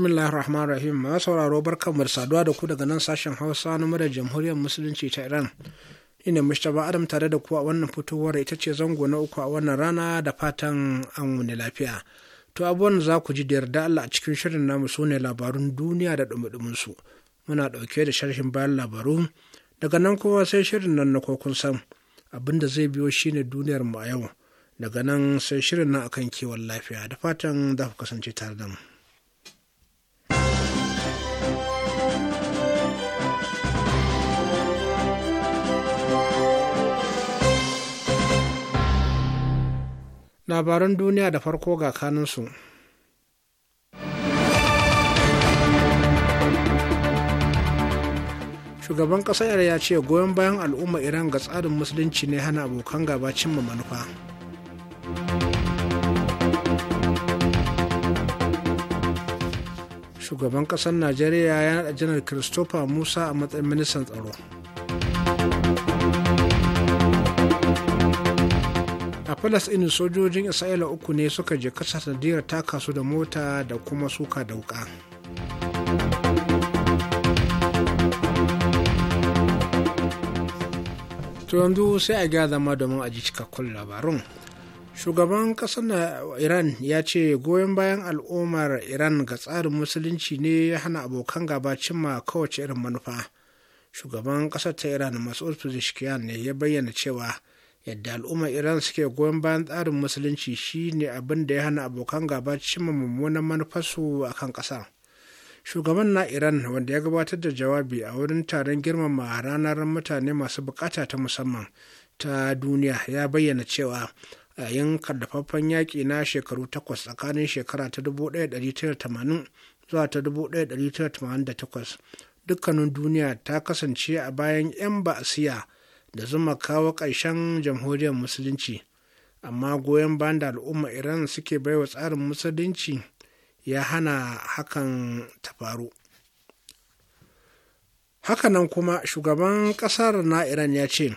bismillahir rahmanir rahim ma sauraro barkanmu da saduwa da ku daga nan sashen hausa na murar jamhuriyar musulunci ta iran ina mustapha adam tare da ku a wannan fitowar ita ce zango na uku a wannan rana da fatan an wuni lafiya to abubuwan za ku ji da yarda allah a cikin shirin namu su ne labarun duniya da dumudumin su muna dauke da sharhin bayan labaru daga nan kuma sai shirin nan na kokun san abin da zai biyo shine duniyar mu a yau daga nan sai shirin nan akan kiwon lafiya da fatan za ku kasance tare da mu labaran duniya da farko ga kanunsu shugaban ƙasar ya ce goyon bayan al'umma iran ga tsarin musulunci ne hana abokan gaba cimma manufa shugaban ƙasar najeriya ya naɗa janar christopher musa a matsayin ministan tsaro a falasɗin sojojin isra'ila uku ne suka je kasa sanadiyar taka su da mota da kuma suka da wuka to yanzu sai a ga zama domin a ji cikakkun labarun shugaban ƙasar na iran ya ce goyon bayan al'ummar iran ga tsarin musulunci ne ya hana abokan gaba cimma kowace irin manufa shugaban ƙasar ta iran masu ne ya bayyana cewa yadda al'ummar iran suke goyon bayan tsarin musulunci shine abin da ya hana abokan gaba cimma mummunan manufarsu a kan ƙasa shugaban na iran wanda ya gabatar da jawabi a wurin taron girmama ranar mutane masu bukata ta musamman ta duniya ya bayyana cewa a yayin kardafaffen yaƙi na shekaru takwas tsakanin shekara ta 1980 zuwa ta 1988 dukkanin duniya ta kasance a bayan 'yan ba'asiya da zuma kawo ƙarshen jamhuriyar musulunci amma goyon bayan da al'umma iran suke baiwa tsarin musulunci ya hana hakan ta faru hakanan kuma shugaban ƙasar na iran ya ce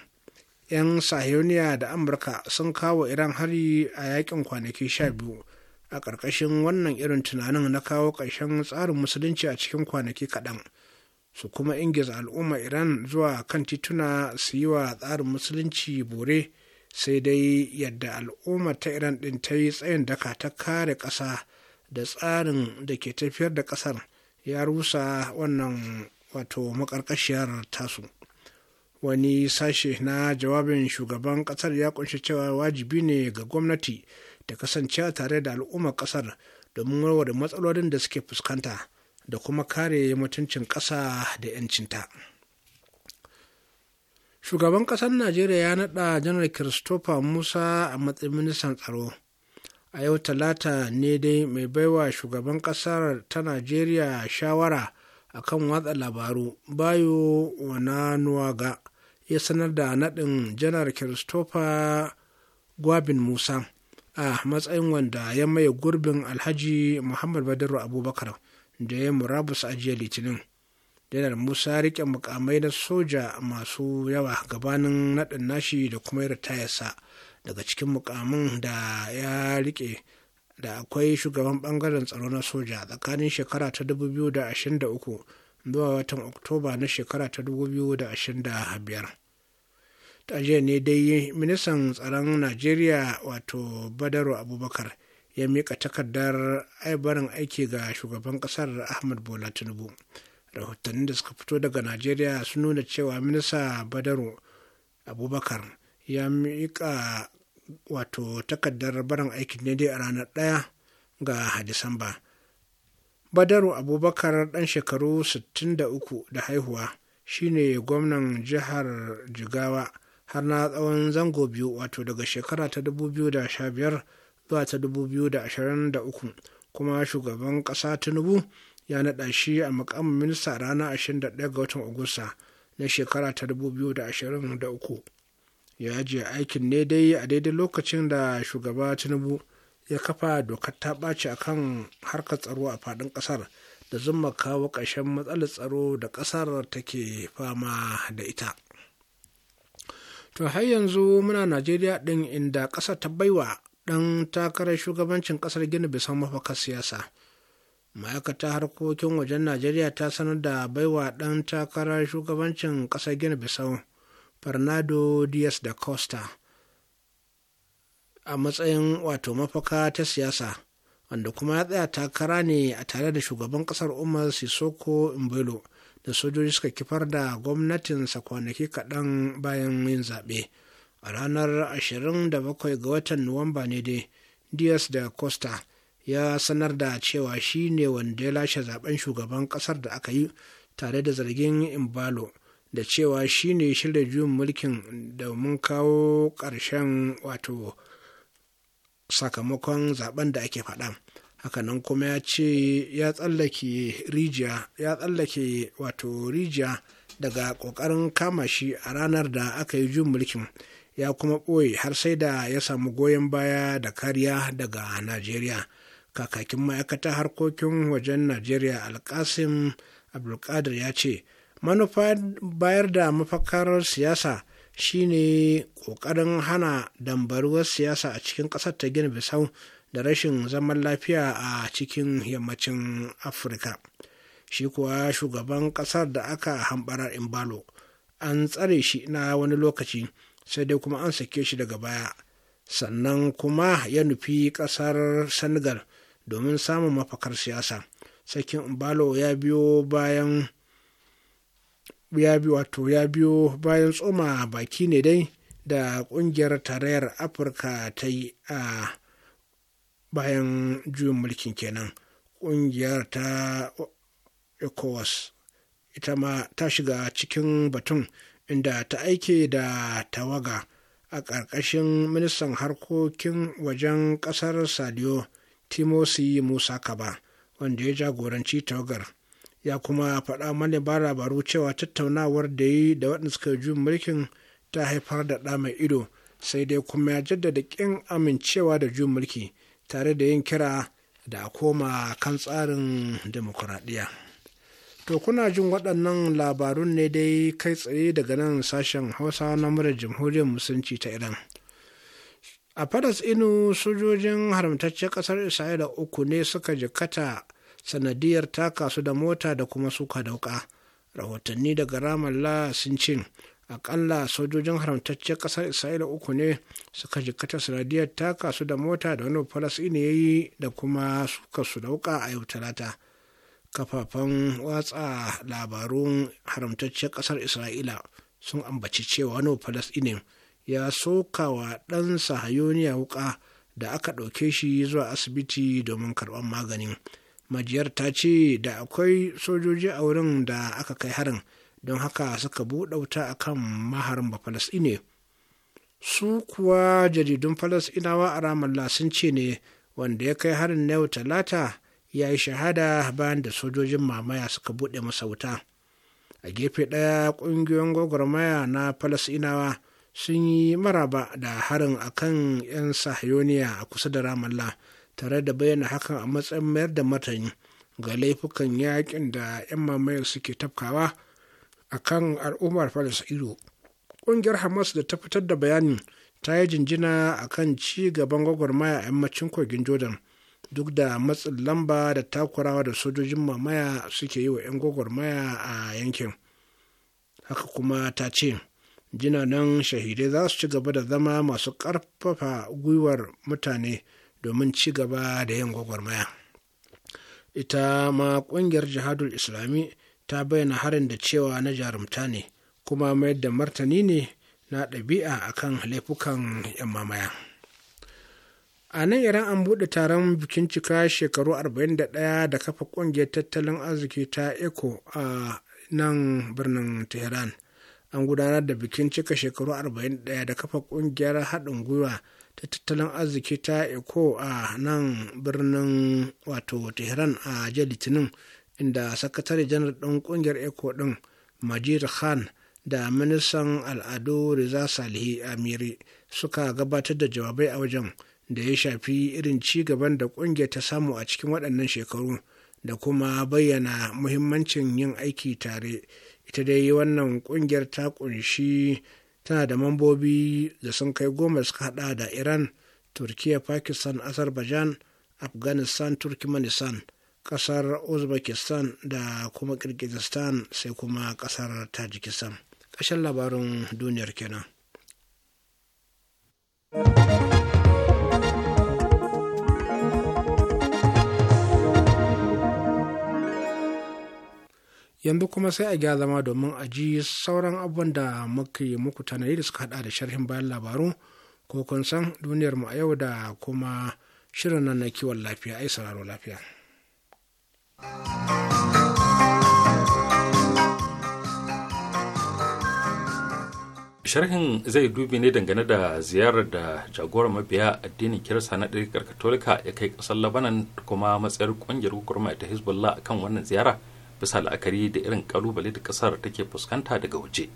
'yan sahiyoniya da amurka sun kawo iran hari a yakin kwanaki 12 a ƙarƙashin wannan irin tunanin na kawo ƙarshen tsarin musulunci a cikin kwanaki kaɗan su kuma ingiza al'umma iran zuwa kan tituna su yi wa tsarin musulunci bore sai dai yadda al'umma ta iran ɗin ta yi tsayin daka ta kare ƙasa da tsarin da ke tafiyar da ƙasar ya rusa wannan wato makarkashiyar tasu wani sashe na jawabin shugaban ƙasar ya kunshi cewa wajibi ne ga gwamnati ta kasancewa tare da al'ummar ƙasar domin warware matsalolin da suke fuskanta da kuma kare mutuncin ƙasa da 'yancinta. Shugaban ƙasar Najeriya ya naɗa janar Christopher Musa a matsayin ministan tsaro. A yau talata ne dai mai baiwa shugaban ƙasar ta Najeriya shawara a kan watsa labaru bayo wananuwaga ya sanar da naɗin janar Christopher Gwabin Musa a matsayin wanda ya maye gurbin Alhaji Muhammad Badaru Abubakar. da ya murabus a jiya litinin janar musa riƙe mukamai na soja masu yawa gabanin naɗin nashi da kuma ritayarsa daga cikin mukamin da ya riƙe, da akwai shugaban bangaren tsaro na soja tsakanin shekara ta 2023 zuwa watan oktoba na shekara ta 2025 ta ne dai ministan tsaron najeriya wato badaru abubakar ya mika takardar aibarin aiki ga shugaban ƙasar ahmad bola tinubu rahotannin da suka fito daga najeriya sun nuna cewa minista badaru abubakar ya miƙa wato takardar barin aikin ne dai a ranar ɗaya ga disamba badaru abubakar dan shekaru 63 da haihuwa shine gwamnan jihar jigawa har na tsawon zango biyu wato daga shekara ta 2015 zuwa ta 2023 kuma shugaban ƙasa tinubu ya naɗa shi a mukamin minista ranar 21 ga watan agusta na shekara ta 2023 ya ajiye aikin ne dai a daidai lokacin da shugaba tinubu ya kafa dokar ta ɓaci a kan harkar tsaro a faɗin ƙasar da zan kawo ƙarshen matsalar tsaro da ƙasar take fama da ita to har yanzu muna najeriya ɗin inda ƙasar ta baiwa ɗan takarar shugabancin ƙasar gini bisan mafakar siyasa ma'aikata harkokin wajen najeriya ta sanar da baiwa ɗan takarar shugabancin ƙasar gini bisau fernando diaz da costa a matsayin wato mafaka ta siyasa wanda kuma ya tsaya takara ne a tare da shugaban ƙasar umar sisoko imbelo da sojoji suka kifar da gwamnatinsa kwanaki kaɗan bayan yin zaɓe. a ranar 27 ga watan nuwamba ne dai diaz da costa ya sanar da cewa shi ne wanda ya lashe zaben shugaban kasar da aka yi tare da zargin imbalo da cewa shi ne shirya juyin mulkin domin kawo ƙarshen wato sakamakon zaben da ake faɗa hakanan kuma ya ce ya tsallake rijiya ya tsallake wato rijiya daga ƙoƙarin kama shi a ranar da aka yi juyin mulkin ya kuma ɓoye har sai da ya samu goyon baya da kariya daga najeriya kakakin ma'aikata harkokin wajen najeriya alkasim abdulkadir ya ce manufa bayar da mafakar siyasa shine ƙoƙarin hana dambaruwar siyasa a cikin ƙasar ta gina bisau da rashin zaman lafiya a cikin yammacin afirka shi kuwa shugaban ƙasar da aka hambara imbalo an tsare shi na wani lokaci sai dai kuma an sake shi daga baya sannan kuma ya nufi ƙasar senegal domin samun mafakar siyasa sakin umbalo ya biyo bayan ya biyo ya biyo bayan tsoma baki ne dai da ƙungiyar tarayyar afirka ta yi a bayan juyin mulkin kenan ƙungiyar ta ecowas ita ma ta shiga cikin batun inda ta aike da tawaga a ƙarƙashin ministan harkokin wajen ƙasar saliyo timosi musa kaba wanda ya jagoranci tawagar ya kuma faɗa mani ba labaru cewa tattaunawar da yi da waɗanda suka yi mulkin ta haifar da ɗa mai ido sai dai kuma ya jaddada ƙin amincewa da juyin mulki tare da yin kira da a koma kan tsarin demokuraɗiyya. To kuna jin waɗannan labarun ne dai kai tsaye daga nan sashen Hausa na murar Jamhuriyar Musulunci ta Iran. A Faras Inu sojojin haramtacce ƙasar Isra'ila uku ne suka jikata sanadiyar taka su da mota da kuma suka dauka. Rahotanni daga Ramallah sun ce akalla sojojin haramtacce ƙasar Isra'ila uku ne suka jikata sanadiyar taka su da mota da wani Faras Inu ya yi da kuma suka su dauka a yau talata. kafafen watsa labarun haramtacciyar ƙasar isra'ila sun ambaci cewa wani falasɗinin ya soka wa ɗansa hayoniya wuƙa da aka ɗauke shi zuwa asibiti domin karɓar magani, majiyar ta ce da akwai sojoji a wurin da aka kai harin don haka suka buɗe wuta a kan maharin ba falasɗine su kuwa jaridun falasɗinawa a ramallah sun ce ne wanda ya kai harin na yau talata ya yi shahada bayan da sojojin mamaya suka buɗe masa wuta a gefe ɗaya ƙungiyoyin gwagwarmaya na falasinawa sun yi maraba da harin akan 'yan sahayoniya a kusa da ramallah tare da bayyana hakan a matsayin mayar da martani ga laifukan yakin da 'yan mamaya suke tafkawa a kan al'ummar falasɗinu ƙungiyar hamas da ta fitar da bayanin ta yi jinjina a kan ci gaban gwagwarmaya a yammacin kogin jordan duk da matsin lamba da takurawa da sojojin mamaya suke yi wa 'yan gwagwarmaya a yankin haka kuma ta ce jinanan shahidai za su ci gaba da zama masu ƙarfafa gwiwar mutane domin ci gaba da yin gwagwarmaya ita ma ƙungiyar jihadul islami ta bayyana harin da cewa na jarumta ne kuma mayar da martani ne na ɗabi'a akan laifukan 'yan mamaya. a nan iran an buɗe taron bikin cika shekaru 41 da kafa ƙungiyar tattalin arziki ta eco a nan birnin tehran an gudanar da bikin cika shekaru 41 da kafa ƙungiyar haɗin gwiwa ta tattalin arziki ta eco a nan birnin wato tehran a jiya litinin inda sakatare janar ɗin ƙungiyar eco ɗin majid khan da ministan al'adu riza salihi amiri suka gabatar da jawabai a wajen da ya shafi irin ci gaban da ƙungiyar ta samu a cikin waɗannan shekaru da kuma bayyana muhimmancin yin aiki tare ita dai wannan ƙungiyar ta ƙunshi tana da mambobi da sun kai goma suka hada da iran turkiya pakistan azerbaijan afghanistan turkmenistan kasar uzbekistan da kuma kirgizistan sai kuma kasar tajikistan ƙashin labarin duniyar kenan. yanzu kuma sai a gyara zama domin a ji sauran abubuwan da muke muku yi da suka hada da sharhin bayan labaru ko kun san duniyar mu a yau da kuma shirin nan na kiwon lafiya ai sauraro lafiya sharhin zai dubi ne dangane da ziyarar da jagorar mabiya addinin kirista na ɗarikar katolika ya kai ƙasar labanan kuma matsayar ƙungiyar hukumar ta hezbollah a kan wannan ziyara bisa la'akari da irin kalubale da kasar take fuskanta daga waje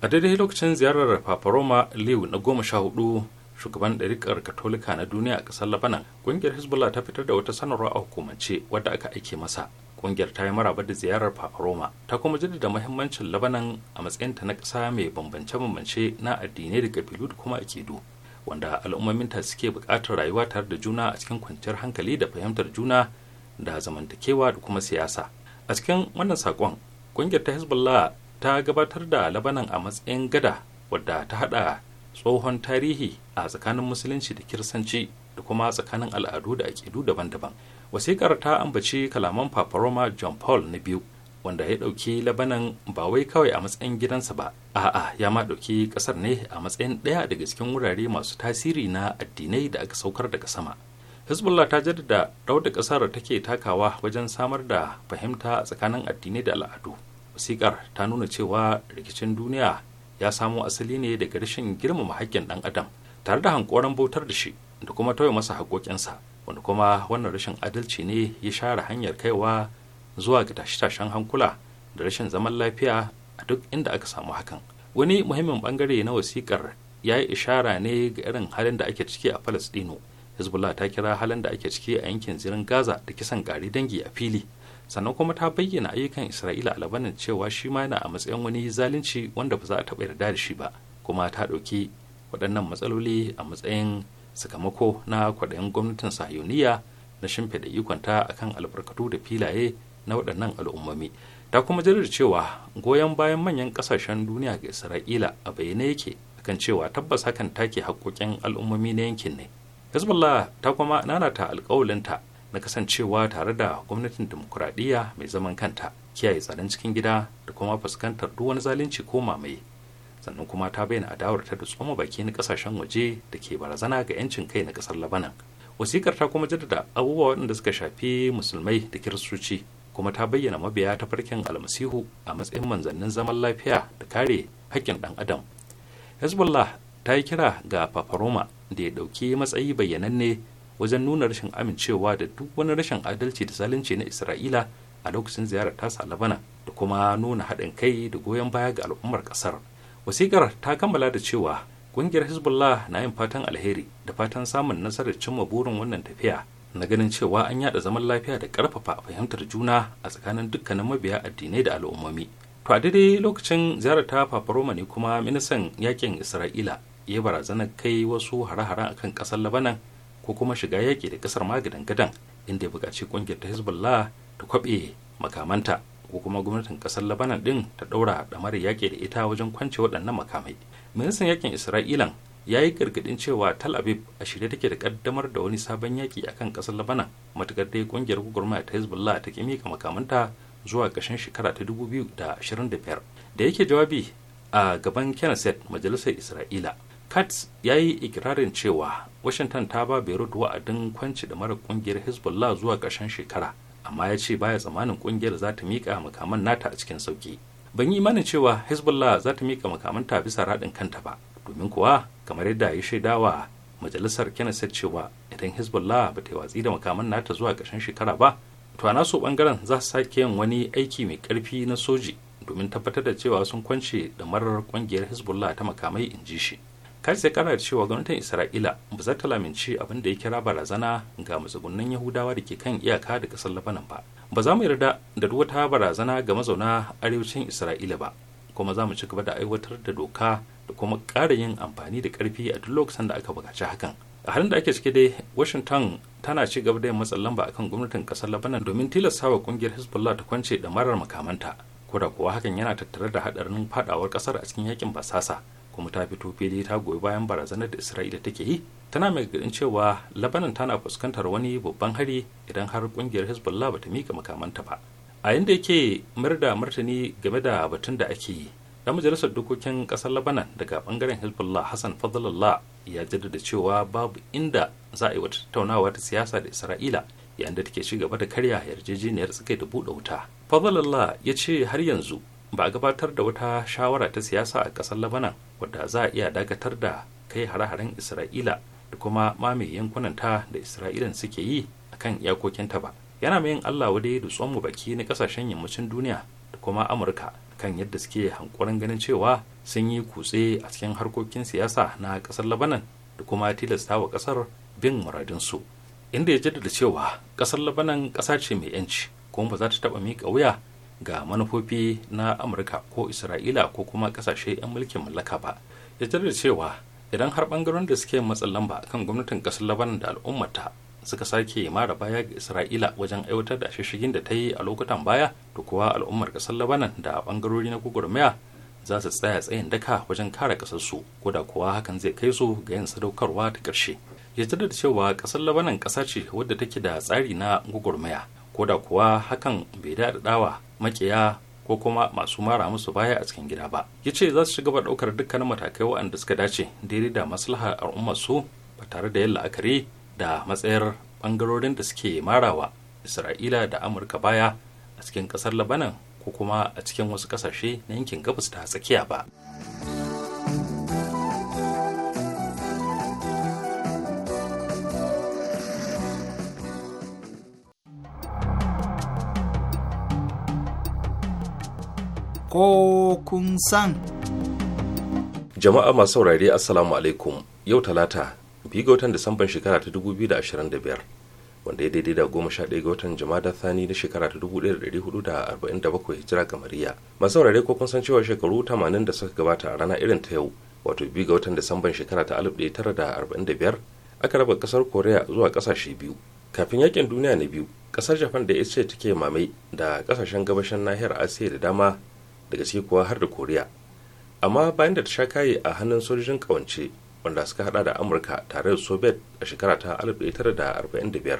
a daidai lokacin ziyarar paparoma liu na goma sha hudu shugaban ɗarikar katolika na duniya a ƙasar labanan ƙungiyar hezbollah ta fitar da wata sanarwa a hukumance wadda aka aike masa ƙungiyar ta yi maraba da ziyarar paparoma ta kuma jaddada muhimmancin labanan a matsayinta na ƙasa mai bambance-bambance na addinai da ƙabilu da kuma akidu wanda ta suke buƙatar rayuwa tare da juna a cikin kwanciyar hankali da fahimtar juna da zamantakewa da kuma siyasa a cikin wannan sakon ƙungiyar ta hezbollah ta gabatar da labanan a matsayin gada wadda ta hada tsohon tarihi a tsakanin musulunci da kirsanci da kuma tsakanin al'adu da aƙidu daban-daban wasiƙar ta ambaci kalaman paparoma john paul na biyu wanda ya ɗauki labanan ba wai kawai a matsayin gidansa ba a'a ya ma ɗauki ƙasar ne a matsayin ɗaya daga cikin wurare masu tasiri na addinai da aka saukar daga sama hezbollah ta jaddada rawar da kasar take takawa wajen samar da fahimta tsakanin addinai da al'adu wasikar ta nuna cewa rikicin duniya ya samo asali ne daga rashin girmama haƙƙin ɗan adam tare da hankoran bautar da shi da kuma tauye masa haƙoƙinsa wanda kuma wannan rashin adalci ne ya share hanyar kaiwa zuwa ga tashe-tashen hankula da rashin zaman lafiya a duk inda aka samu hakan wani muhimmin bangare na wasikar ya yi ishara ne ga irin halin da ake ciki a falastino hezbollah ta kira halin da ake ciki a yankin zirin gaza da kisan gari dangi a fili sannan kuma ta bayyana ayyukan isra'ila a labanin cewa shi ma yana a matsayin wani zalunci wanda ba za a taɓa yarda da shi ba kuma ta ɗauki waɗannan matsaloli a matsayin sakamako na kwaɗayin gwamnatin sahiyoniya na shimfiɗa ikonta a kan albarkatu da filaye na waɗannan al'ummomi ta kuma jirar cewa goyon bayan manyan ƙasashen duniya ga isra'ila a bayyane yake kan cewa tabbas hakan take haƙƙoƙin al'ummomi na yankin ne hezbollah ta kuma nanata alkawalinta na kasancewa tare da gwamnatin demokuraɗiyya mai zaman kanta kiyaye tsaron cikin gida da kuma fuskantar duk wani zalunci ko mamaye sannan kuma ta bayyana adawar ta da tsoma baki na kasashen waje da ke barazana ga 'yancin kai na kasar labanan wasikar ta kuma jaddada abubuwa waɗanda suka shafi musulmai da kiristoci kuma ta bayyana mabiya ta farkin almasihu a matsayin manzannin zaman lafiya da kare haƙƙin ɗan adam hezbollah ta yi kira ga fafaroma da ya ɗauki matsayi bayyananne wajen nuna rashin amincewa da duk wani rashin adalci da zalunci na isra'ila a lokacin ziyarar tasa labana da kuma nuna haɗin kai da goyon baya ga al'ummar ƙasar wasikar ta kammala da cewa ƙungiyar hezbollah na yin fatan alheri da fatan samun nasarar cimma burin wannan tafiya na ganin cewa an yada zaman lafiya da ƙarfafa fahimtar juna a tsakanin dukkanin mabiya addinai da al'ummomi to a daidai lokacin ziyarar ta fafaroma ne kuma ministan yakin isra'ila ya barazana kai wasu hare-hare a kan ƙasar labanan ko kuma shiga yaƙi da ƙasar magadan gadan inda ya buƙaci ƙungiyar ta hezbollah ta kwaɓe makamanta ko kuma gwamnatin ƙasar labanan ɗin ta ɗaura ɗamar yaƙi da ita wajen kwance waɗannan makamai ministan yaƙin isra'ilan ya yi gargaɗin cewa tal aviv a shirye take da ƙaddamar da wani sabon yaƙi akan ƙasar labanan matuƙar dai ƙungiyar gwagwarmaya ta hezbollah ta ƙi mika makamanta zuwa ƙarshen shekara ta dubu 2025 da yake jawabi a gaban kenneth majalisar isra'ila kat ya yi ikirarin cewa washington ta ba beirut wa'adin kwanci da mara kungiyar hezbollah zuwa ƙarshen shekara amma ya ce baya tsammanin kungiyar za ta miƙa makaman nata a cikin sauki ban yi imanin cewa hezbollah za ta miƙa ta bisa raɗin kanta ba domin kuwa kamar yadda ya shaida wa majalisar kenneth cewa idan hezbollah ba ta yi watsi da makaman nata zuwa ƙarshen shekara ba to a naso bangaren za su sake yin wani aiki mai ƙarfi na soji domin tabbatar da cewa sun kwance da marar kungiyar hezbollah ta makamai in ji shi kar sai kara da cewa gwamnatin isra'ila ba za ta lamince abin da ya kira barazana ga matsugunan yahudawa da ke kan iyaka da kasar labanan ba ba za mu yarda da duk wata barazana ga mazauna arewacin isra'ila ba kuma za mu ci gaba da aiwatar da doka da kuma ƙara yin amfani da ƙarfi a duk lokacin da aka buƙaci hakan a halin da ake cike dai washington tana ci gaba da yin matsin lamba akan gwamnatin kasar labanan domin tilasta wa ƙungiyar hezbollah ta kwance da marar makamanta ko da kuwa hakan yana tattare da haɗarin fadawar kasar a cikin yakin basasa kuma ta fito fili ta goyi bayan barazanar da isra'ila take yi tana mai gadin cewa labanan tana fuskantar wani babban hari idan har kungiyar hezbollah bata mika makamanta ba a yanda yake mayar da martani game da batun da ake yi dan majalisar dokokin kasar labanan daga bangaren hezbollah hassan fadlallah ya jaddada cewa babu inda za a yi wata tattaunawa ta siyasa da isra'ila yayin da take ci gaba da karya yarjejeniyar tsakai da buɗe wuta fadlallah ya ce har yanzu ba a gabatar da wata shawara ta siyasa a ƙasar labanan wadda za a iya dakatar da kai hare-haren isra'ila da kuma mamaye yankunanta da isra'ilan suke yi a kan iyakokinta ba yana mai allah wadai da tsohon baki na kasashen yammacin duniya da kuma amurka kan yadda suke hankurin ganin cewa sun yi kutse a cikin harkokin siyasa na ƙasar labanan da kuma tilasta wa ƙasar bin muradinsu inda ya jaddada cewa ƙasar labanan ƙasa ce mai yanci kuma ba za ta taɓa miƙa wuya ga manufofi na amurka ko isra'ila ko kuma kasashe 'yan mulkin mallaka ba ya da cewa idan har bangaren da suke matsin lamba kan gwamnatin kasar labanan da al'ummata suka sake mara baya ga isra'ila wajen aiwatar da shishigin da ta yi a lokutan baya to kuwa al'ummar kasar labanan da bangarori na gwagwarmaya za su tsaya tsayin daka wajen kare kasarsu ko da kuwa hakan zai kai su ga yin sadaukarwa ta ƙarshe ya da cewa kasar labanan ƙasa ce wadda take da tsari na gwagwarmaya ko da kuwa hakan bai da daɗaɗawa makiya ko kuma masu mara musu baya a cikin gida ba ya ce za su ci gaba ɗaukar dukkanin matakai waɗanda suka dace daidai da maslahar al'ummar su ba tare da yin la'akari da matsayar ɓangarorin da suke marawa isra'ila da amurka baya a cikin ƙasar labanan ko kuma a cikin wasu ƙasashe na yankin gabas ta tsakiya ba. ko kun san. Jama'a masu saurare Assalamu alaikum yau talata biyu ga watan Disamban shekara ta 2025 wanda ya daidai da goma sha ɗaya ga watan Jama'a Thani na shekara ta 1447 hijira kamariya. Masu saurare ko kun san cewa shekaru 80 da suka gabata a rana irin ta yau wato biyu ga watan Disamban shekara ta 1945 aka raba kasar Koriya zuwa kasashe biyu. Kafin yakin duniya na biyu, kasar Japan da ita ce take mamai da kasashen gabashin nahiyar Asiya da dama daga ciki kuwa har da koriya amma bayan da ta sha kayi a hannun sojojin kawance wanda suka hada da amurka tare da soviet a shekara ta 1945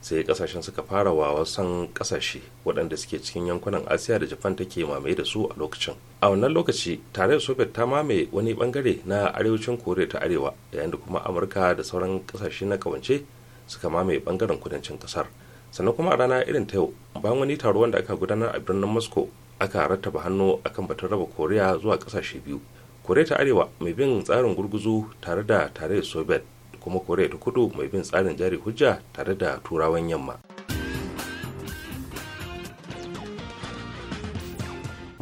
sai kasashen suka fara wa wasan kasashe waɗanda suke cikin yankunan asiya da japan take mamaye da su a lokacin a wannan lokaci tare da soviet ta mamaye wani bangare na arewacin koriya ta arewa yayin da kuma amurka da sauran kasashe na kawance suka mamaye bangaren kudancin kasar sannan kuma a rana irin ta yau bayan wani taro wanda aka gudanar a birnin moscow aka rattaba hannu akan batun raba koriya zuwa kasashe biyu koriya ta arewa mai bin tsarin gurguzu tare da tare soviet kuma koriya ta kudu mai bin tsarin jari hujja tare da turawan yamma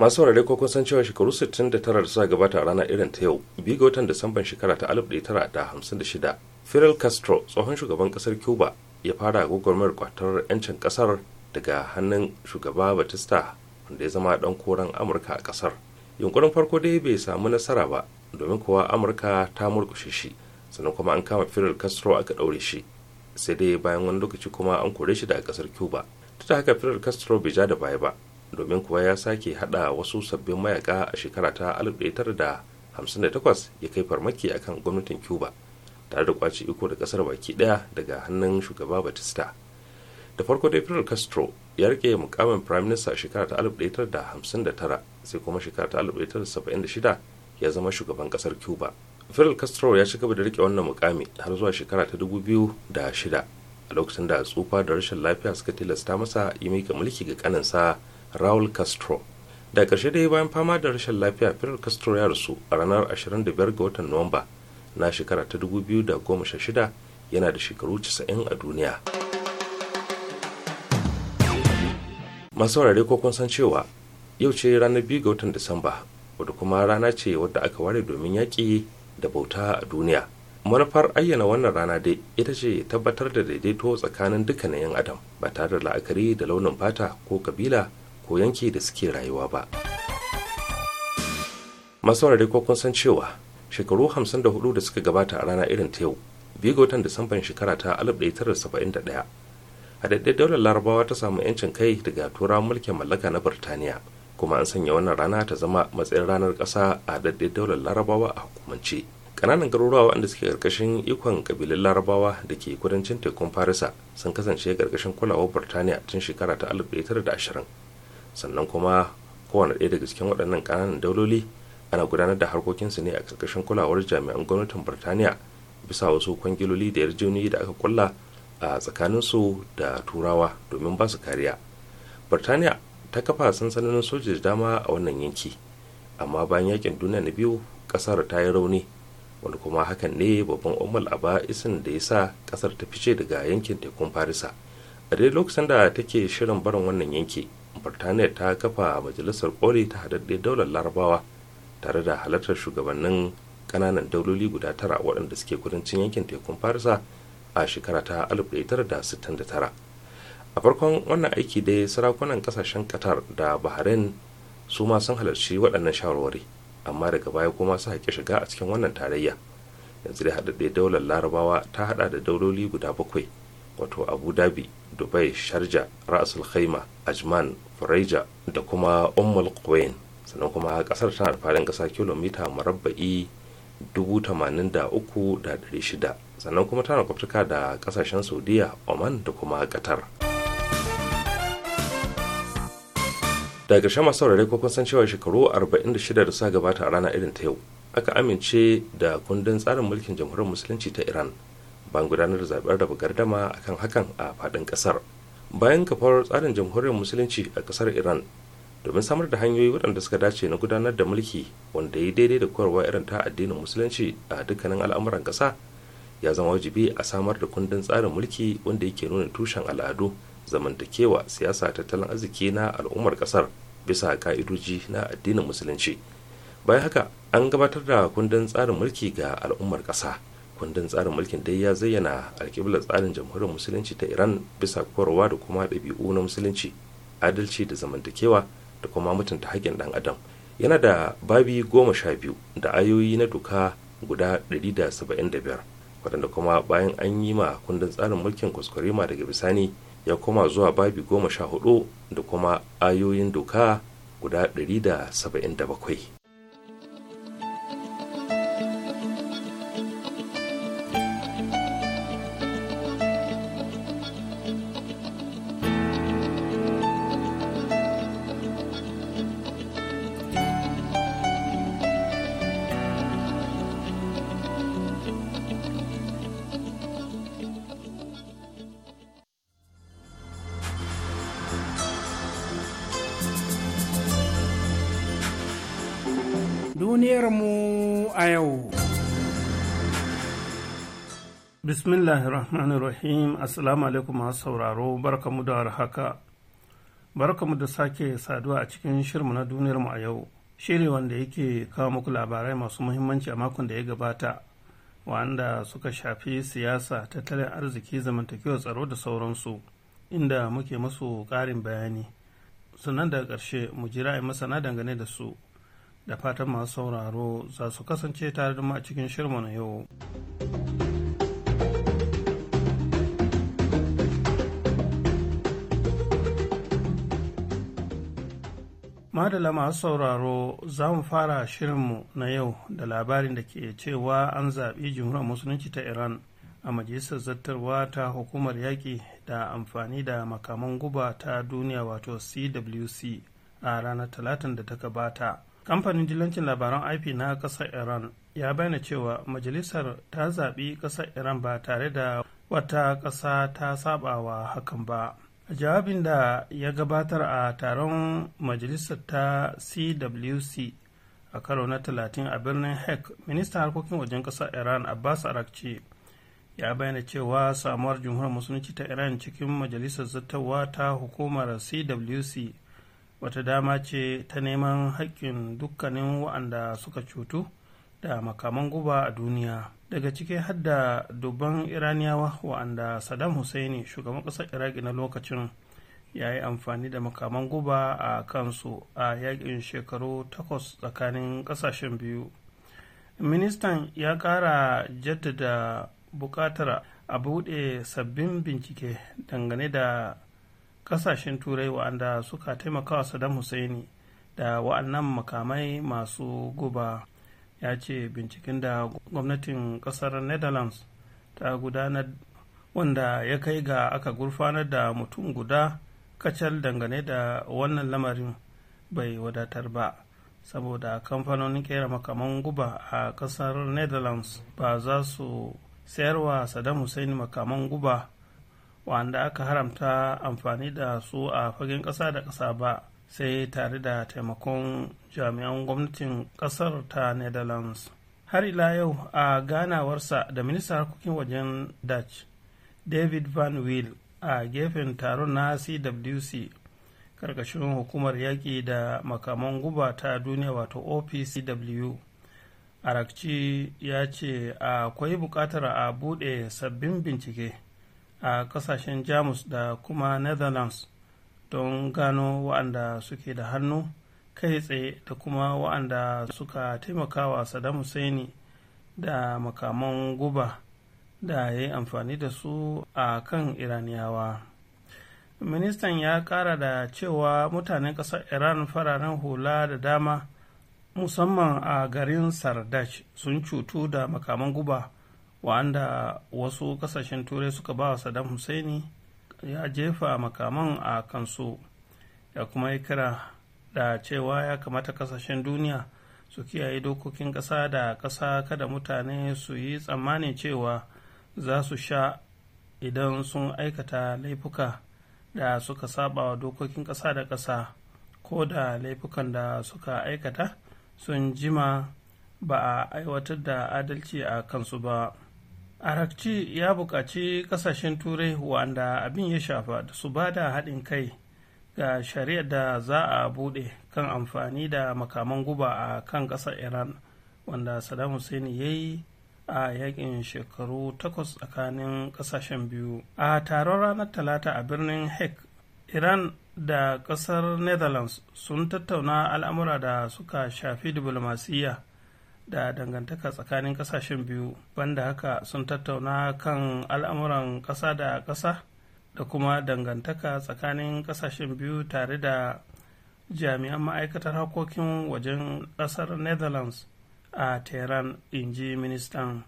masu saurare ko kun san cewa shekaru 69 da suka gabata a ranar irin ta yau biyu ga watan disamban shekara ta 1956 fidel castro tsohon shugaban kasar cuba ya fara gwagwarmayar kwatar 'yancin kasar daga hannun shugaba batista da ya zama dan koren amurka a kasar yunkurin farko dai bai samu nasara ba domin kuwa amurka ta murkushe shi sannan kuma an kama fidel castro aka daure shi sai dai bayan wani lokaci kuma an kore shi daga kasar cuba duk da haka fidel castro bai ja da baya ba domin kuwa ya sake hada wasu sabbin mayaka a shekara ta alif da da hamsin takwas ya kai farmaki akan gwamnatin cuba tare da kwace iko da kasar baki daya daga hannun shugaba batista da farko dai fidel castro ya rike mukamin prime minister shekara ta 1959 sai kuma shekara ta 1976 ya zama shugaban kasar cuba fidel castro ya ci gaba da rike wannan mukami har zuwa shekara ta 2006 a lokacin da tsufa da rashin lafiya suka tilasta masa yi mika mulki ga kaninsa raul castro da karshe dai bayan fama da rashin lafiya fidel castro ya rasu a ranar 25 ga watan nuwamba na shekara ta 2016 yana da shekaru 90 a duniya. masu wurare ko kun san cewa yau ce ranar biyu ga watan disamba wadda kuma rana ce wadda aka ware domin yaƙi da bauta a duniya manufar ayyana wannan rana dai ita ce tabbatar da daidaito tsakanin dukkanin 'yan adam ba tare da la'akari da launin fata ko kabila ko yanki da suke rayuwa ba masu wurare ko kun san cewa shekaru 54 da suka gabata a rana irin ta yau biyu ga watan disamban shekara ta 1971 a daidai daular larabawa ta samu 'yancin kai daga turawan mulkin mallaka na birtaniya kuma an sanya wannan rana ta zama matsayin ranar ƙasa a daidai daular larabawa a hukumance kananan garuruwa wanda suke karkashin ikon kabilan larabawa da ke kudancin tekun farisa sun kasance ƙarƙashin kulawar birtaniya tun shekara ta alif da ashirin. sannan kuma kowane ɗaya daga cikin waɗannan kananan dauloli ana gudanar da harkokinsu ne a karkashin kulawar jami'an gwamnatin birtaniya bisa wasu kwangiloli da yarjejeniyoyi da aka kulla a tsakaninsu da turawa domin ba su kariya birtaniya ta kafa sansanin soja da dama a wannan yanki amma bayan yakin duniya na biyu kasar ta yi rauni wani kuma hakan ne babban umar a isin da ya sa kasar ta fice daga yankin tekun farisa a dai lokacin da take shirin barin wannan yanki birtaniya ta kafa majalisar koli ta haɗaɗɗe daular larabawa tare da halartar shugabannin ƙananan dauloli guda tara waɗanda suke kudancin yankin tekun farisa a shekara ta 1969 a farkon wannan aiki dai sarakunan kasashen katar da bahrain su ma sun halarci waɗannan shawarwari amma daga baya kuma su haƙe shiga a cikin wannan tarayya yanzu dai haɗaɗɗe daular larabawa ta haɗa da dauloli guda bakwai wato abu dhabi dubai sharja ra'asul khaima ajman faraija da kuma ummul quwain sannan kuma kasar tana da farin ƙasa kilomita marabba'i 83,600 sannan kuma tana kwafirka da kasashen saudiya oman da kuma qatar da ƙarshe masu saurare ko kun san cewa shekaru 46 da suka gabata a rana irin ta yau aka amince da kundin tsarin mulkin jamhuriyar musulunci ta iran ban gudanar da zaɓen raba gardama akan hakan a faɗin ƙasar bayan kafar tsarin jamhuriyar musulunci a ƙasar iran domin samar da hanyoyi waɗanda suka dace na gudanar da mulki wanda ya daidai da koyarwa irin ta addinin musulunci a dukkanin al'amuran ƙasa ya zama wajibi a samar da kundin tsarin mulki wanda yake nuna tushen al'adu zamantakewa siyasa tattalin arziki na al'ummar kasar bisa ka'idoji na addinin musulunci bayan haka an gabatar da kundin tsarin mulki ga al'ummar kasa kundin tsarin mulkin dai ya zayyana alkiblar tsarin jamhuriyar musulunci ta iran bisa korowa da kuma ɗabi'u na musulunci adalci da zamantakewa da kuma mutunta haƙƙin ɗan adam yana da babi goma sha biyu da ayoyi na doka guda 175 waɗanda kuma bayan an yi ma kundin tsarin mulkin kuskurema daga bisani ya koma zuwa babi goma sha hudu da kuma ayoyin doka guda 177 Bismillahirrahmanirrahim. Assalamu alaikum masu sauraro, barkamu da warhaka. Barkamu da sake saduwa a cikin shirmu na duniyar mu a yau. Shiri wanda yake kawo muku labarai masu muhimmanci a makon da ya gabata, wanda suka shafi siyasa, tattalin arziki, zamantakewa tsaro da sauransu, inda muke masu ƙarin bayani. Sannan daga ƙarshe mu jira masana dangane da su, da fatan masu sauraro za su kasance tare da mu a cikin shirmu na yau. madala masu sauraro za mu fara shirinmu na yau da labarin da ke cewa an zaɓi jumhuriyar musulunci ta iran a majalisar zartarwa ta hukumar yaƙi da amfani da makaman guba ta duniya wato cwc a ranar talatin da ta gabata kamfanin dillancin labaran ip na ƙasar iran ya bayyana cewa majalisar ta zaɓi ƙasar iran ba tare da wata ƙasa ta saɓawa hakan ba a jawabin da ya gabatar a taron majalisar ta cwc a karo na 30 a birnin hek ministan harkokin wajen ƙasar iran abbas arakci ya bayyana cewa samuwar jamhuriyar musulunci ta iran cikin majalisar zattawa ta hukumar cwc wata dama ce ta neman haƙƙin dukkanin waɗanda suka cutu da makaman guba a duniya daga cikin hadda dubban iraniyawa wa'anda saddam hussein shugaban ƙasar iraki na lokacin ya yi amfani da makaman guba a kansu a yakin shekaru takwas tsakanin ƙasashen biyu ministan ya ƙara jaddada buƙatar a buɗe sabbin bincike dangane da ƙasashen turai wa'anda suka taimaka wa saddam hussein da wa'annan makamai masu guba ya ce binciken da gwamnatin kasar netherlands ta gudanar wanda ya kai ga aka gurfanar da mutum guda kacal dangane da wannan lamarin bai wadatar ba saboda kamfanonin kera makaman guba a kasar netherlands ba za su sayarwa saddam hussein makaman guba wanda aka haramta amfani da su a fagen kasa da kasa ba sai tare da taimakon jami'an gwamnatin kasar ta netherlands har ila yau a ganawarsa da minista harkokin wajen dutch david van will a gefen taron na cwc karkashin hukumar yaƙi da makaman guba ta duniya wato opcw arakci ya ce akwai buƙatar a buɗe sabbin bincike a ƙasashen jamus da kuma netherlands don gano wa'anda suke da hannu kai tsaye da kuma wa'anda suka taimakawa Saddam Hussein da makaman guba da ya yi amfani da su a kan Iraniyawa. Ministan ya kara da cewa mutanen ƙasar Iran fararen hula da dama musamman a garin Sardash sun cutu da makaman guba wa'anda wasu ƙasashen turai suka ba wa Saddam husaini ya jefa makaman a kansu ya kuma yi kira da cewa ya kamata kasashen duniya su kiyaye dokokin ƙasa da ƙasa kada mutane su yi tsammanin cewa za su sha idan sun aikata laifuka da suka saba wa dokokin ƙasa da ƙasa ko da laifukan da suka aikata sun jima ba a aiwatar da adalci a kansu ba. arakci ya buƙaci ƙasashen turai wanda abin ya shafa da su ba da haɗin kai ga shari'ar da za a buɗe kan amfani da makaman guba a kan ƙasar iran wanda saddam hussein ya yi a yakin shekaru takwas tsakanin ƙasashen biyu a taron ranar talata a birnin hek iran da ƙasar netherlands sun tattauna al'amura da suka shafi diplomasiyya da dangantaka tsakanin kasashen biyu banda haka sun tattauna kan al'amuran ƙasa da ƙasa da kuma dangantaka tsakanin kasashen biyu tare da jami'an ma'aikatar harkokin wajen ƙasar netherlands a tehran ji ministan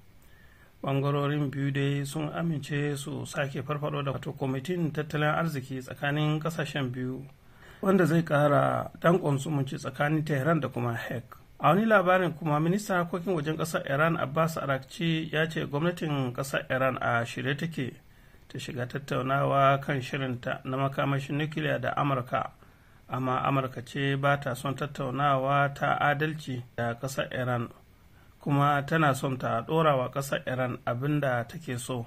ɓangarorin biyu dai sun amince su sake farfado da wato kwamitin tattalin arziki tsakanin kasashen biyu wanda zai ƙara dankon sumunci tsakanin tehran da kuma hek a wani labarin kuma ministan harkokin wajen ƙasar iran abbas arakci ya ce gwamnatin ƙasar iran a shirye take ta shiga tattaunawa kan shirinta na makamashin nukiliya da amurka amma amurka ce ba ta son tattaunawa ta adalci da ƙasar iran kuma tana son ta ɗora wa ƙasar iran abin da take so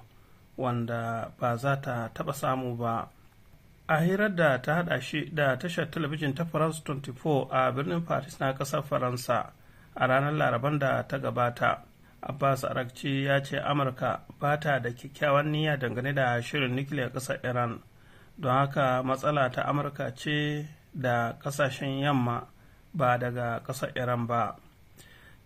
wanda ba za ta taɓa samu ba a hirar da ta hada shi da tashar talabijin ta france 24 a birnin paris na kasar faransa a ranar laraban da ta gabata abbas arakci ya ce amurka ba ta da kyakkyawan niyya dangane da shirin nukiliyar kasar iran don haka matsala ta amurka ce da kasashen yamma ba daga kasar iran ba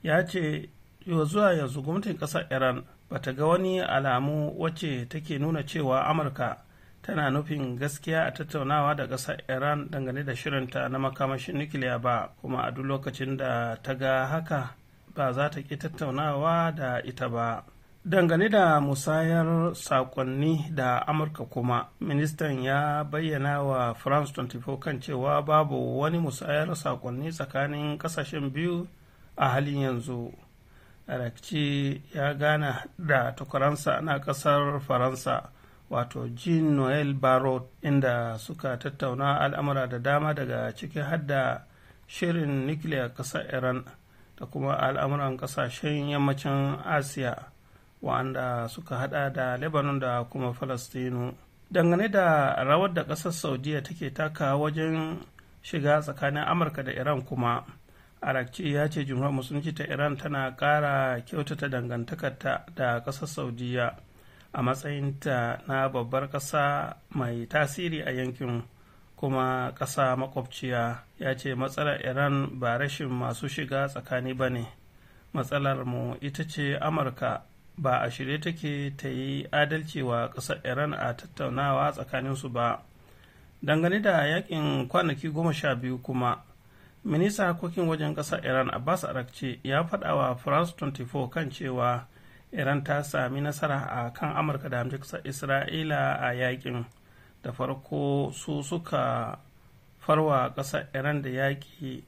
ya ce zuwa yanzu gwamnatin kasar iran ba ta ga wani alamu wacce take nuna cewa amurka tana nufin gaskiya a tattaunawa da ƙasar iran dangane da shirinta na makamashin nukiliya ba kuma a duk lokacin da ta ga haka ba za ta ƙi tattaunawa da ita ba dangane da musayar saƙonni da amurka kuma ministan ya bayyana wa france 24 kan cewa babu wani musayar sakonni tsakanin ƙasashen biyu a halin yanzu arakci ya gana da tukuransa na kasar faransa wato jean noel barrot inda suka tattauna al'amura da dama daga cikin hadda shirin nuclear ƙasar iran da kuma al'amuran ƙasashen yammacin asiya wa'anda suka hada da lebanon da kuma falastinu dangane da rawar da ƙasar saudiya take taka wajen shiga tsakanin amurka da iran kuma arakci ya ce jumhuriyar musulunci ta iran tana ƙara kyautata dangantakarta da ƙasar saudiya a matsayinta na babbar ƙasa mai tasiri a yankin kuma ƙasa makwabciya ya ce matsalar iran ba rashin masu shiga tsakani ba ne matsalar mu ita ce amurka ba a shirye take ta yi adalci wa ƙasar iran a tattaunawa tsakaninsu ba dangane da yakin kwanaki goma sha biyu kuma minista harkokin wajen ƙasar iran abbas arakce ya faɗa wa france 24 kan cewa iran ta sami nasara a kan amurka da hamjiksa isra'ila a yakin da farko su suka farwa ƙasar iran da yaki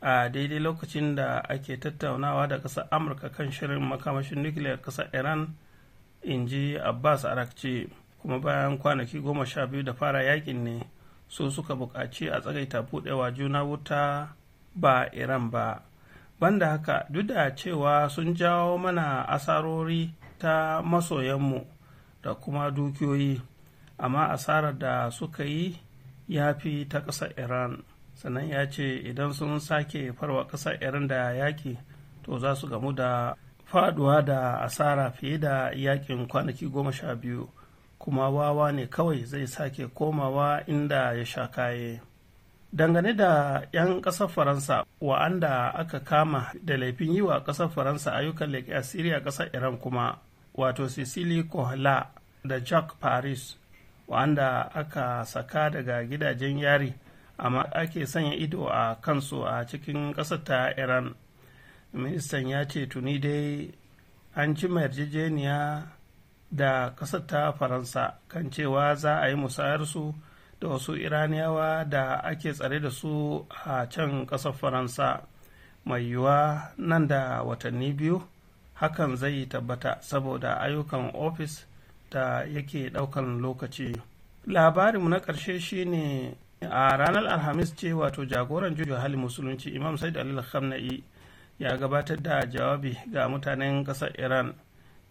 a daidai lokacin da ake tattaunawa da ƙasar amurka kan shirin makamashin nukiliyar ƙasar iran in ji abbas arakci kuma bayan kwanaki goma sha biyu da fara yakin ne su suka buƙaci a tsagaita buɗewa juna wuta ba iran ba banda haka duk da cewa sun jawo mana asarori ta masoyanmu da kuma dukiyoyi amma asarar da suka yi ya fi ta ƙasar iran sannan ya ce idan sun sake farwa ƙasar iran da yaƙi to za su gamu da faduwa da asara fiye da yaƙin kwanaki goma sha biyu kuma wawa ne kawai zai sake komawa inda ya sha kaye. dangane da 'yan ƙasar faransa wa'anda aka kama da laifin yi wa ƙasar faransa ayyukan leƙi asiri a ƙasar iran kuma wato sicily kohla da jack paris wa'anda aka saka daga gidajen yari amma ake sanya ido a kansu a cikin ƙasar ta iran ministan ya ce tuni dai an ci yarjejeniya da ƙasar ta faransa kan cewa za a yi musayar su da wasu iraniyawa da ake tsare da su a can ƙasar faransa mai yiwuwa nan da watanni biyu hakan zai tabbata saboda ayyukan ofis da yake ɗaukan lokaci labarinmu na ƙarshe shine a ranar alhamis ce wato jagoran juju hali musulunci imam said al khamna'i ya gabatar da jawabi ga mutanen ƙasar iran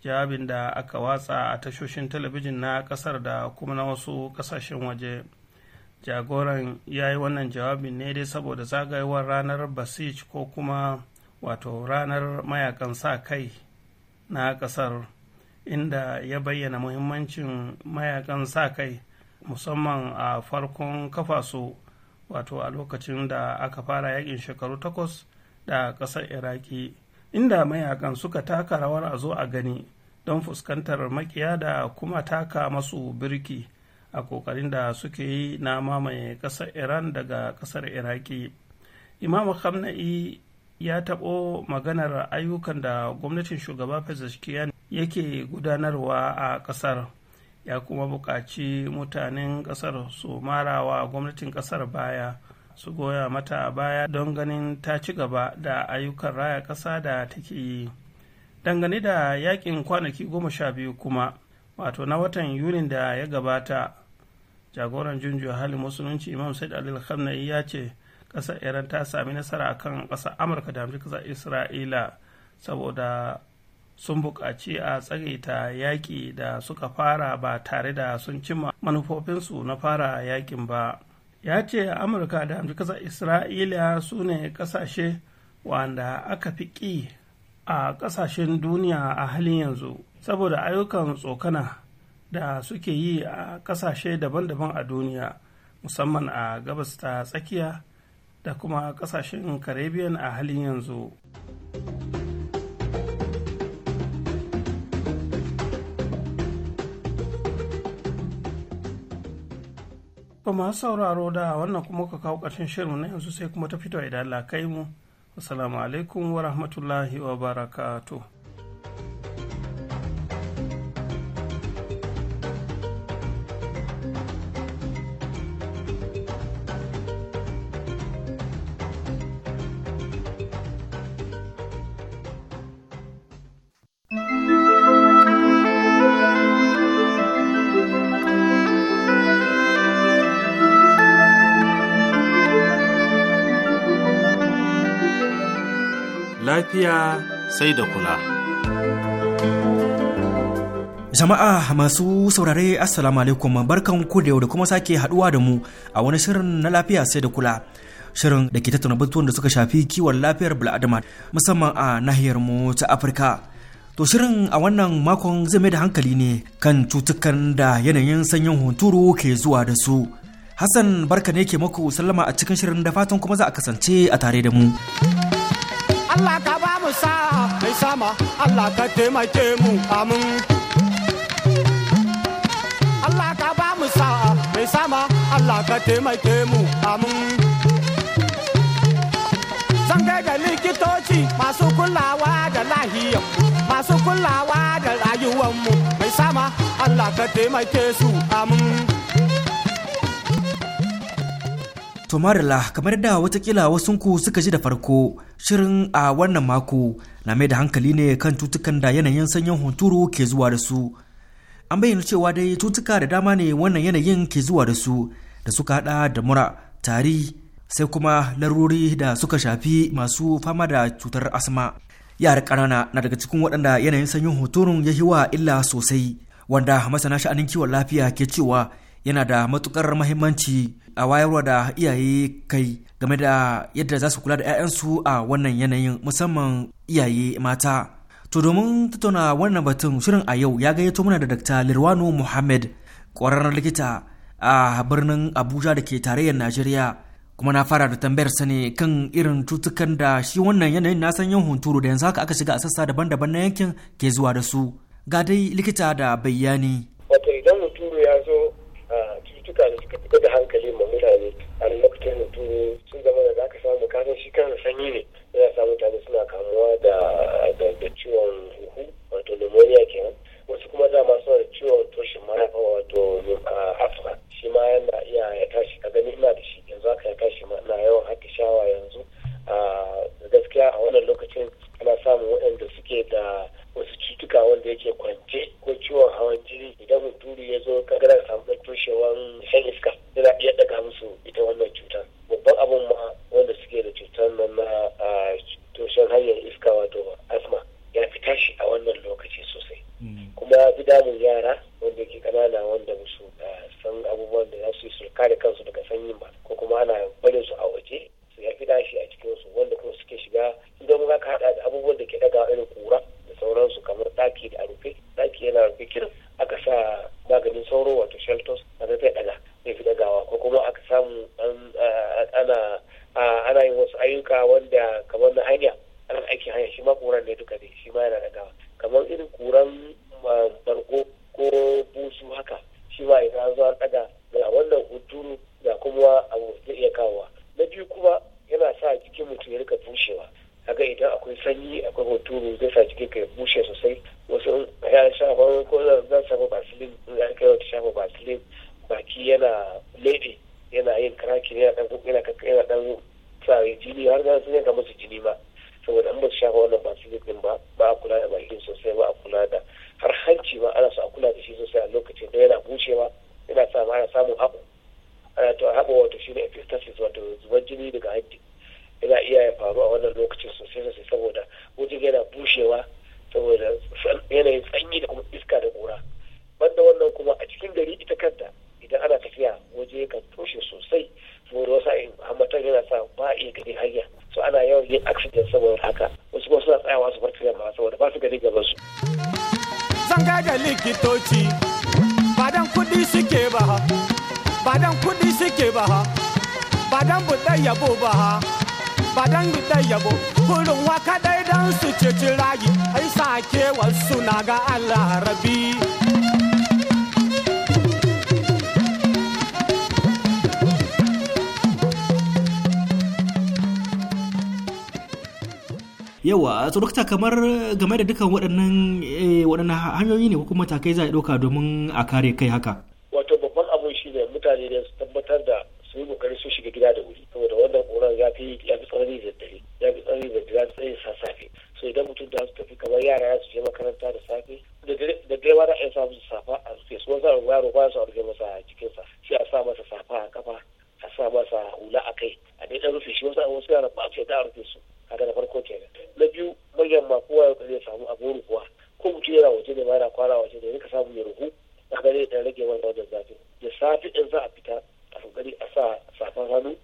jawabin da aka watsa a tashoshin talabijin na ƙasar da kuma na wasu ƙasashen waje jagoran ya yi wannan jawabin ne dai saboda zagayewar ranar basij ko kuma wato ranar mayakan sa kai na kasar inda ya bayyana muhimmancin mayakan sa kai musamman a farkon kafa su wato a lokacin da aka fara yakin shekaru takwas da kasar iraki inda mayakan suka taka rawar a zo a gani don fuskantar makiya da kuma taka masu birki a kokarin da suke yi na mamaye ƙasar iran daga ƙasar iraki imam khamna'i ya taɓo maganar ayyukan da gwamnatin shugaba pezeshkian yake gudanarwa a ƙasar ya kuma buƙaci mutanen ƙasar su marawa gwamnatin ƙasar baya su goya mata baya don ganin ta ci gaba da ayyukan raya ƙasa da take yi dangane da yakin kwanaki goma sha biyu kuma wato na watan yunin da ya gabata jagoran junjiya halin musulunci imam said alil khamnai ya ce ƙasa iran ta sami nasara akan ƙasar amurka da amurka isra'ila saboda sun buƙaci a ta yaƙi da suka fara ba tare da sun cimma manufofinsu na fara yaƙin ba ya ce amurka da amurka isra'ila su ne ƙasashe wanda aka fi ƙi a ƙasashen duniya a halin yanzu saboda ayyukan tsokana da suke yi a ƙasashe daban-daban a duniya musamman a gabas ta tsakiya da kuma ƙasashen caribbean a halin yanzu Ba masu sauraro da wannan kuma ka kawo ƙarshen shirin na yanzu sai kuma ta fito idan lakai kai mu. Assalamu alaikum wa rahmatullahi wa barakatuh. lafiya sai da kula. Jama'a masu saurare Assalamu alaikum barkan ku da yau da kuma sake haduwa da mu a wani shirin na lafiya sai da kula. Shirin da ke tattauna batuwan da suka shafi kiwon lafiyar bil'adama musamman a nahiyar mu ta Afirka. To shirin a wannan makon zai mai da hankali ne kan cutukan da yanayin sanyin hunturu ke zuwa da su. Hassan barka ne ke maku sallama a cikin shirin da fatan kuma za a kasance a tare da mu. Allah ka ba mu sa mai sama Allah ka taimake mu amin Allah ka ba mu sa mai sama Allah ka taimake mu amin Zan kai da likitoci masu kulawa da lahiya, masu kulawa da rayuwar mu mai sama Allah ka taimake su amin To Marila, kamar da watakila ku suka ji da farko, shirin a wannan mako na mai da hankali ne kan cutukan da yanayin sanyin hunturu ke zuwa da su. An bayyana cewa dai cutuka da dama ne wannan yanayin ke zuwa da su da suka hada da mura, tari, sai kuma larurori da suka shafi masu fama da cutar asma. Yara ƙanana na daga cikin waɗanda yanayin sanyin hunturun ya yi wa illa sosai, wanda masana sha'anin kiwon lafiya ke cewa yana da matukar mahimmanci a wayarwa da iyaye kai game da yadda za su kula da 'ya'yansu a wannan yanayin musamman iyaye mata to domin tattauna wannan batun shirin a yau ya gayyato mana da dr lirwano muhammad ƙwararren likita a birnin abuja da ke tarayyar najeriya kuma na fara da tambayar sa ne kan irin cutukan da shi wannan yanayin na san yin hunturu da yanzu haka aka shiga a sassa daban-daban na yankin ke zuwa da su ga dai likita da bayani wato idan hunturu ya zo cututtuka da suka fita da hankali ma mutane a lokacin tuni sun zama da zaka samu kafin shi kan sanyi ne ya sa mutane suna kamuwa da ciwon huhu wato pneumonia kenan wasu kuma za ma suna da ciwon toshin marafa wato afra shi ma yana iya ya tashi ka gani ina da shi yanzu haka ya tashi ma ina yawan haka shawa yanzu a ah, gaskiya a wannan lokacin ana samun waɗanda suke da wasu cutuka wanda yake kwance ko ciwon hawan jini idan muturi ya zo gara samu da toshewan san iska yana iya daga musu ita wannan cutar babban abin ma wanda suke da cutar nan na toshen hanyar iska wato asma ya fi tashi a wannan lokaci sosai hmm. kuma fi damun yara wanda ke kanana wanda musu san abubuwan da za su yi su kare kansu daga sanyin ba ko kuma ana barin su a waje ya fi dashi a su wanda kuma suke shiga idan za ka haɗa da abubuwan da ke daga irin kura da sauransu kamar daki da arufe rufe daki yana rufe kirin aka sa maganin sauro wato shelters a zai daga zai fi dagawa ko kuma aka samu ana ana yin wasu ayyuka wanda kamar na hanya ana aiki hanya shi ma kuran ne duka ne shi ma yana dagawa kamar irin kuran barko ko busu haka shi ma idan an zo an daga ga wannan hunturu ga kuma abu zai iya kawowa na biyu kuma yana sa jikin mutum ya rika bushewa kaga idan akwai sanyi akwai hoturu zai sa jikin ka ya bushe sosai wasu ya shafa ko za su shafa basilin ya kai wata shafa basilin baki yana lebe yana yin kraki yana dan yana yana dan sa jini har za su yanka musu jini ma saboda an ba su shafa wannan basilin din ba ba a kula da bakin sosai ba a kula da har hanci ma ana sa a kula da shi sosai a lokacin da yana bushewa yana sa ma ana samun haɓo ana to haɓo wato shi ne epistasis wato zubar jini daga hanci yana iya ya faru a wannan lokacin sosai sosai saboda wajen yana bushewa saboda yanayin tsanyi da kuma iska da kura banda wannan kuma a cikin gari ita kanta idan ana tafiya waje kan toshe sosai saboda wasu ayin hamatan yana sa ba a iya gani hanya so ana yawan yin accident saboda haka wasu kuma suna tsayawa su da tafiya saboda ba su gani gaban su. zan gaja likitoci ba dan kudi suke ba ha kudi kuɗi suke ba ha dan buɗe yabo ba ha ba dan da yabo wa kadai dan su ci rayi ai sake wasu na ga Allah rabi yawa tsorokta kamar game da dukan waɗannan eh, waɗannan hanyoyi ne ko kuma takai za a ɗauka domin a kare kai haka wato babban abun shi ne mutane da su tabbatar da su yi kokari su shiga gida da wuri saboda wannan ƙoran ya fi ya da dare ya fi tsari da dare tsaye sassafe so idan mutum da su tafi kamar yara ya su je makaranta da safe da dare ma da yi sa su safa a rufe su wani zaɓin yaro ba su a rufe masa jikinsa shi a sa masa safa a kafa a sa masa hula a kai a dai ɗan rufe shi wasu wasu yara ba su da a rufe su a farko kenan na biyu manyan ma kowa ya zai samu abin kuwa ko mutum yana waje ne ma yana kwana waje ne ka samu ya ruhu a zai ɗan rage wannan wajen zafi da safe in za a fita a kokari a sa safan hannu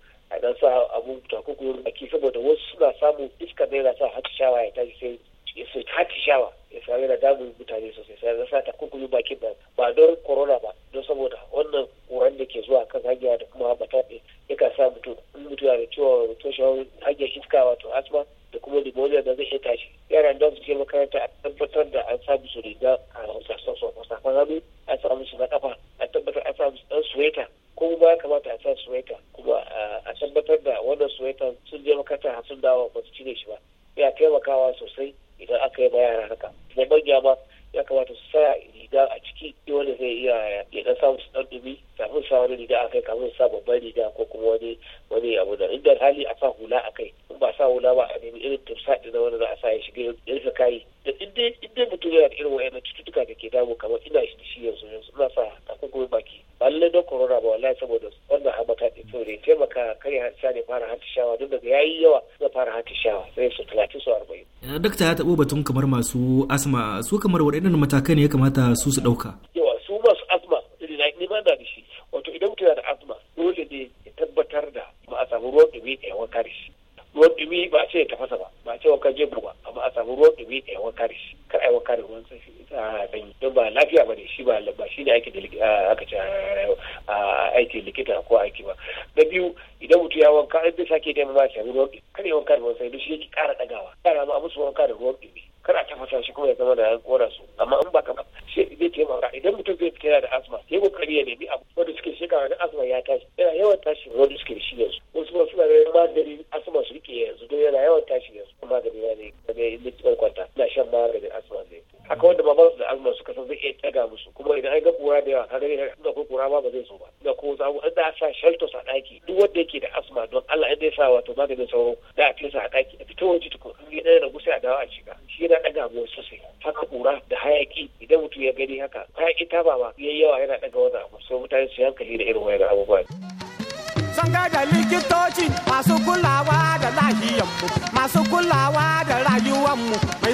dan sa abu takukurin baki saboda wasu suna samun iska da yana sa shawa ya tashi sai ya so shawa ya sa yana damun mutane sosai sai ya sa takukurin bakin baki ba don corona ba don saboda wannan ƙuran da ke zuwa kan hanya da kuma batar batun kamar masu asma su kamar waɗannan matakai ne ya kamata su su ɗauka tashi yanzu kuma magani na ne da mai mutuwar kwanta na shan maganin asma ne haka wanda ba masu da asma suka san zai iya taga musu kuma idan an ga kura da yawa ka gani ina ko kura ba ba zai so ba ina ko wasu a da sa shelters a ɗaki duk wanda yake da asma don Allah in zai sa wato maganin sauro da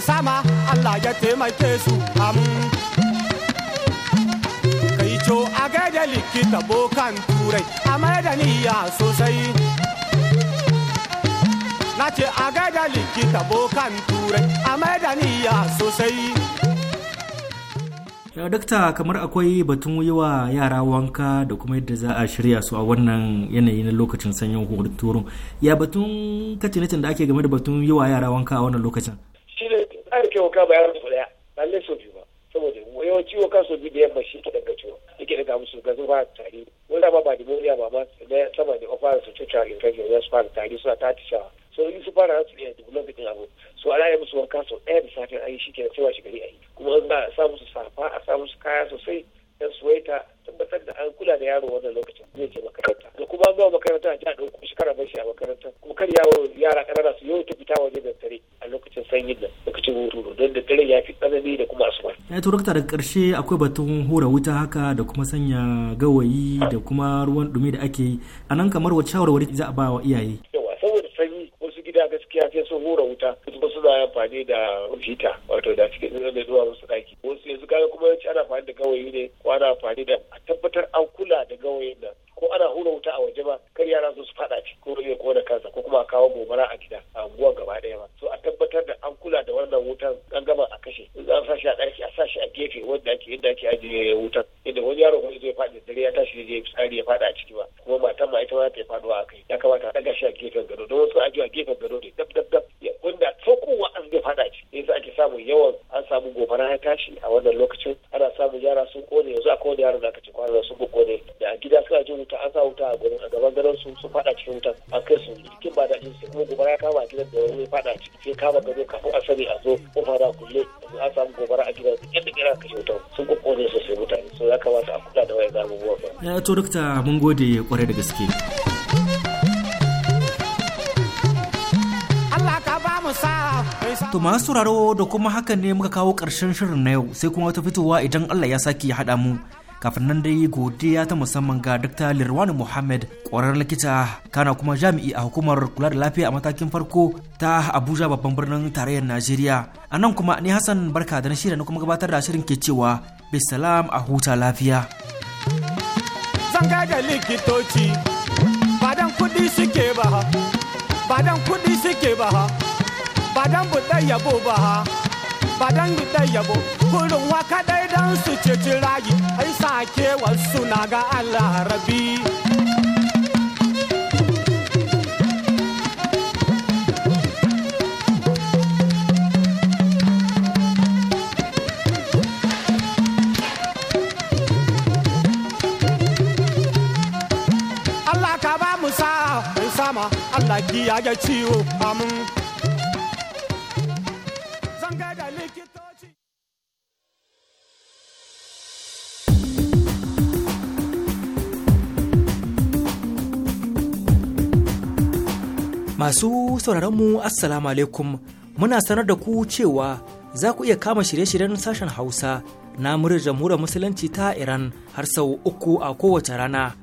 sama Allah ya taimake su am kai co a gaida likita bokan turai a da niyya sosai na ce a gaida likita bokan turai a da niyya sosai dakta kamar akwai batun yi wa yara wanka da kuma yadda za a shirya su a wannan yanayi na lokacin sanyin turun ya batun katinacin da ake game da batun yi wa yara wanka a wannan lokacin ƙarshe akwai batun hura wuta haka da kuma sanya gawayi da kuma ruwan dumi da ake yi a nan kamar wacce shawarwari za a ba wa iyaye yawa saboda sanyi wasu gida gaskiya sai sun hura wuta wasu za a amfani da hita wato da cikin da zuwa wasu daki wasu yanzu kaga kuma yawanci ana amfani da gawayi ne ko ana amfani da a tabbatar an kula da gawayin nan ko ana hura wuta a waje ba kar yara su su fada ciki ko rage ko da kansa ko kuma a kawo gobara a gida idea, but dokta mun gode kwarai da gaske. To masu sauraro da kuma haka ne muka kawo ƙarshen shirin na yau sai kuma wata fitowa idan Allah ya sake ya haɗa mu. Kafin nan dai godiya ta musamman ga Dr. Lirwani Muhammad ƙwararren likita kana kuma jami'i a hukumar kula da lafiya a matakin farko ta Abuja babban birnin tarayyar Najeriya. A nan kuma ni Hassan barka da na shirya na kuma gabatar da shirin ke cewa bisalam a huta lafiya. ganga da likitoci dan kudi suke ba ha dan kudi suke ba ha dan buɗe yabo ba ha dan buɗe yabo kurin waka dai dan su ceci rayu ai sake wasu na ga Allah rabi. Masu sauraronmu Assalamu alaikum muna sanar da ku cewa za ku iya kama shirye-shiryen sashen Hausa na muryar jamhuriyar Musulunci ta Iran har sau uku a kowace rana